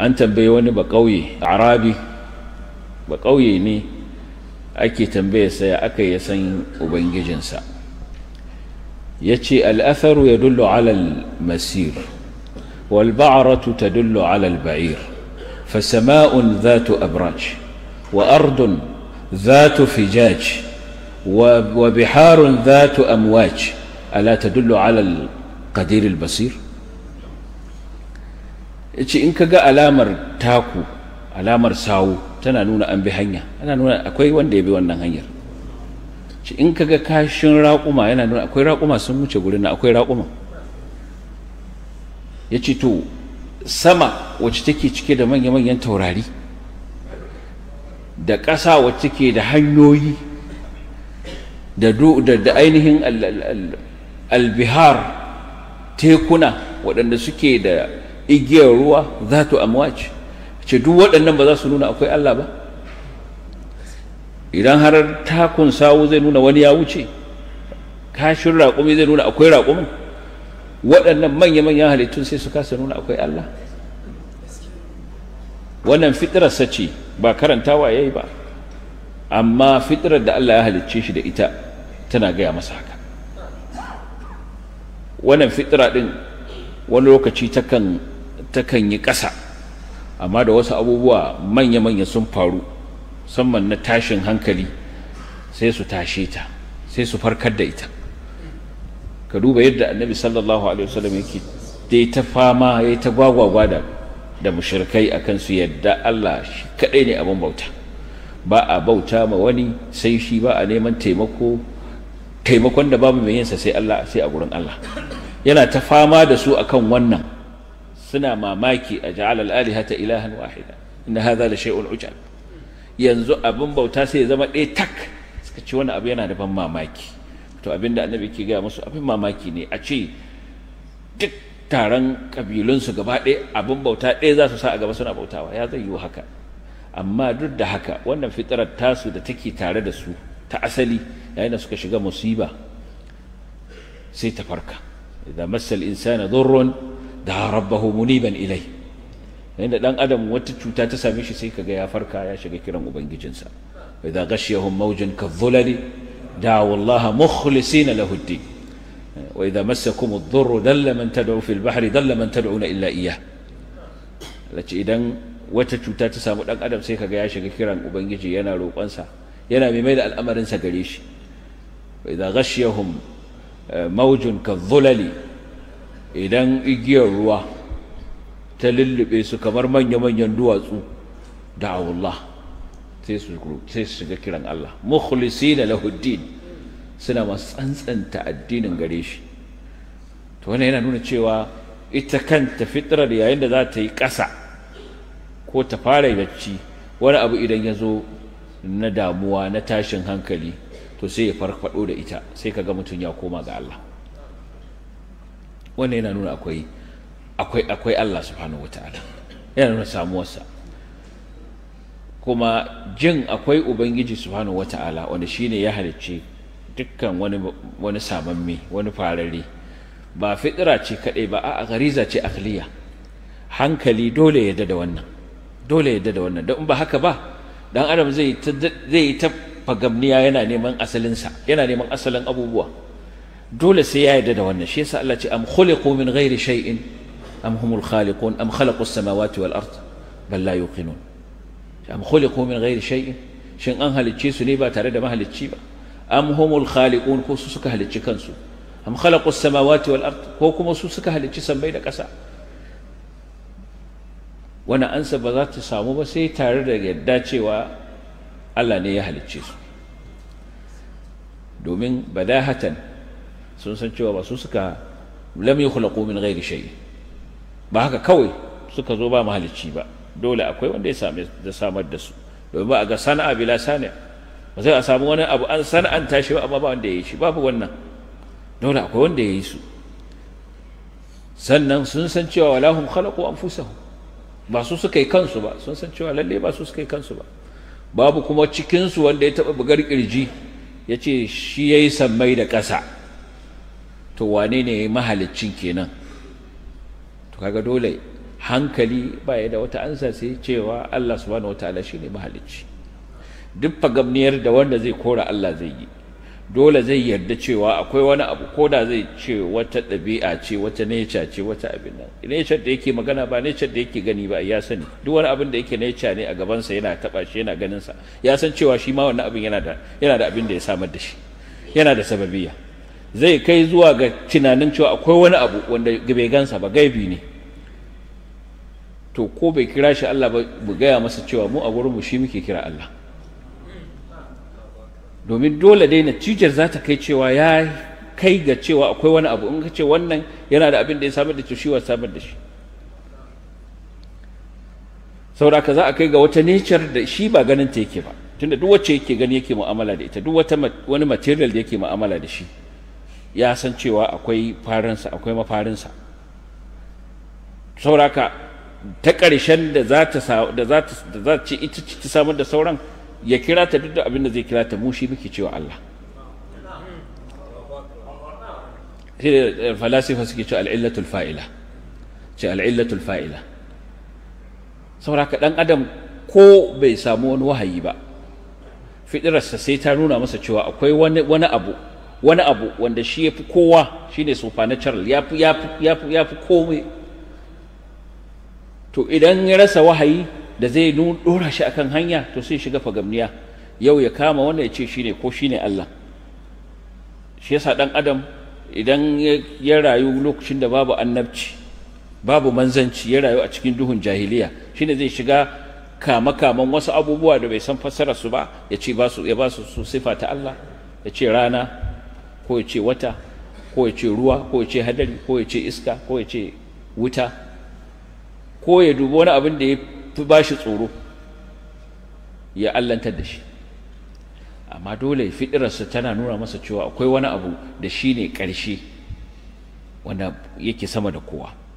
an tambayi wani ba ƙauye arabi ba ƙauye ne ake tambaye saya aka ya san ubangijinsa ya ce al'atharu ya dullo alal masir walba'aratu ta dullo alal ba'ir fasama'un zatu abraj wa ardun zatu fijaj وبحار ذات أمواج ألا تدل على القدير البصير؟ ya ce in ka ga alamar taku alamar sawu tana nuna an bi hanya ana nuna akwai wanda ya bi wannan hanyar ce in ka ga kashin raƙuma yana nuna akwai raƙuma sun wuce gurin na akwai raƙuma ya ce to sama wacce take cike da manya-manyan taurari da ƙasa wacce take da hanyoyi da ainihin albihar tekuna waɗanda suke da igiyar ruwa za tu amwaci ce duk waɗannan ba za su nuna akwai Allah ba idan har takun sawu zai nuna wani ya wuce kashin raƙumi zai nuna akwai raƙumin waɗannan manya-manyan halittun sai su kasa nuna akwai Allah wannan fitirar sace ba karantawa ya yi ba amma fitirar da Allah ya halicce shi da ita tana gaya masa haka wannan fitira ɗin wani lokaci takan takan yi ƙasa amma da wasu abubuwa manya-manya sun faru musamman na tashin hankali sai su tashe ta sai su farkar da ita ka duba yadda annabi sallallahu alaihi wasallam yake dai ta fama ya ta gwagwagwa da da mushrikai akan su yadda Allah shi kadai ne abin bauta ba a bauta ma wani sai shi ba a neman taimako taimakon da babu mai yinsa sai Allah sai a gurin Allah yana ta fama da su akan wannan suna mamaki a ja'al al-alihata ilahan wahida inna hadha la shay'un ujab yanzu abin bauta sai ya zama ɗaya tak suka ce wani abu yana da ban mamaki to abin da annabi ke gaya musu abin mamaki ne a ce duk taron kabilunsu gaba ɗaya abin bauta ɗaya za su sa a gaba suna bautawa ya zai yiwu haka amma duk da haka wannan fitarar tasu da take tare da su ta asali yayin da suka shiga musiba sai ta farka idan masal insana dhurrun da rabbahu muniban ilai inda dan adam wata cuta ta same shi sai kaga ya farka ya shiga kiran ubangijinsa wa idza ghashiyahum mawjun kadhulali da'u Allah mukhlisina lahu ad-din wa idza massakum ad-dhurru dalla man tad'u fil bahri dalla man tad'una illa iyyah lace idan wata cuta ta samu dan adam sai kaga ya shiga kiran ubangiji yana roƙonsa yana mai mai da al'amarin sa gare shi wa idza ghashiyahum eh, mawjun kadhulali idan igiyar ruwa ta lullube su kamar manya-manyan duwatsu da Allah sai su shiga kiran Allah mukhlisi na lahuddin suna masu tsantsanta addinin gare shi to wannan yana nuna cewa ita kanta fitrar yayin da za ta yi ƙasa ko ta fara yacci wani abu idan ya zo na damuwa na tashin hankali to sai ya farfado da ita sai ka ga mutum ya koma ga Allah wannan yana nuna akwai akwai akwai Allah subhanahu wataala yana nuna samuwarsa kuma jin akwai ubangiji subhanahu wataala wanda shine ya halicce dukkan wani wani samamme wani farare ba fitira ce kadai ba a gariza ce akliya hankali dole ya da wannan dole ya da wannan don ba haka ba dan adam zai zai ta fagamniya yana neman asalinsa yana neman asalin abubuwa dole sai ya yarda da wannan shi yasa Allah ce am khuliqu min ghairi shay'in am humul khaliqun am khalaqu as-samawati wal ard bal la yuqinun am khuliqu min ghairi shay'in shin an halicce su ne ba tare da mahalicci ba am humul khaliqun ko su suka halicci kansu am khalaqu as-samawati wal ard ko kuma su suka halicci sammai da ƙasa wannan ansa ba za ta samu ba sai tare da yadda cewa Allah ne ya halicce su domin badahatan sun san cewa ba su suka lam yukhlaqu min ghairi shay ba haka kawai suka zo ba mahalicci ba dole akwai wanda ya same da samar da su domin ba a ga sana'a bila sana'a ba sai a samu wani abu an sana'anta shi ba amma ba wanda ya yi shi babu wannan dole akwai wanda ya yi su sannan sun san cewa walahum khalaqu anfusahum ba su suka yi kansu ba sun san cewa lalle ba su suka yi kansu ba babu kuma cikinsu wanda ya taɓa bugar ƙirji ya ce shi ya yi sammai da ƙasa to wane ne mahaliccin kenan to kaga dole hankali ba baya da wata ansa sai cewa Allah subhanahu wataala shine mahalicci duk fagamniyar da wanda zai kora Allah zai yi dole zai yarda cewa akwai wani abu ko da zai ce wata ɗabi'a ce wata nature ce wata abin nan nature da yake magana ba nature da yake gani ba ya sani duk wani abin da yake nature ne a gabansa yana taɓa shi yana ganin sa ya san cewa shi ma wannan abin yana da yana da abin da ya samar da shi yana da sababiyya zai kai zuwa ga tunanin cewa akwai wani abu wanda bai gansa ba gaibi ne to ko bai kira shi Allah ba mu gaya masa cewa mu a gurin mu shi muke kira Allah domin dole dai na cijar za ta kai cewa ya kai ga cewa akwai wani abu in ka ce wannan yana da abin da ya samar da shi wa samar da shi sauraka za a kai ga wata nature da shi ba ganin ta yake ba tunda duk wacce yake gani yake mu'amala da ita duk wani material da yake mu'amala da shi ya san cewa akwai farinsa akwai mafarinsa sauraka ta ƙarshen da za ta ce ita ci samar da sauran ya kira ta duk da abin da zai kira ta shi muke cewa Allah shi da falasifa suke cewa al'illatul fa'ila ce al'illatul fa'ila sauraka ɗan adam ko bai samu wani wahayi ba fiɗirarsa sai ta nuna masa cewa akwai wani abu wani abu wanda shi ya fi kowa shi ne supernatural ya fi kome to idan ya rasa wahayi da zai dora shi akan hanya to sai shiga fagamniya yau ya kama wanda ya ce shi ne ko shi ne Allah shi yasa ɗan adam idan ya rayu lokacin da babu annabci babu manzanci ya rayu a cikin duhun jahiliya shi ne zai shiga kama kaman wasu abubuwa da bai san fassararsu ba ya ce ya ba su sifa ta Allah ya ce rana ko ya ce wata ko ya ce ruwa ko ya ce hadari ko ya ce iska ko ya ce wuta ko ya dubi wani abin da ya fi ba shi tsoro ya allantar da shi amma dole fiɗirarsa tana nuna masa cewa akwai wani abu da shi ne ƙarshe wanda yake sama da kowa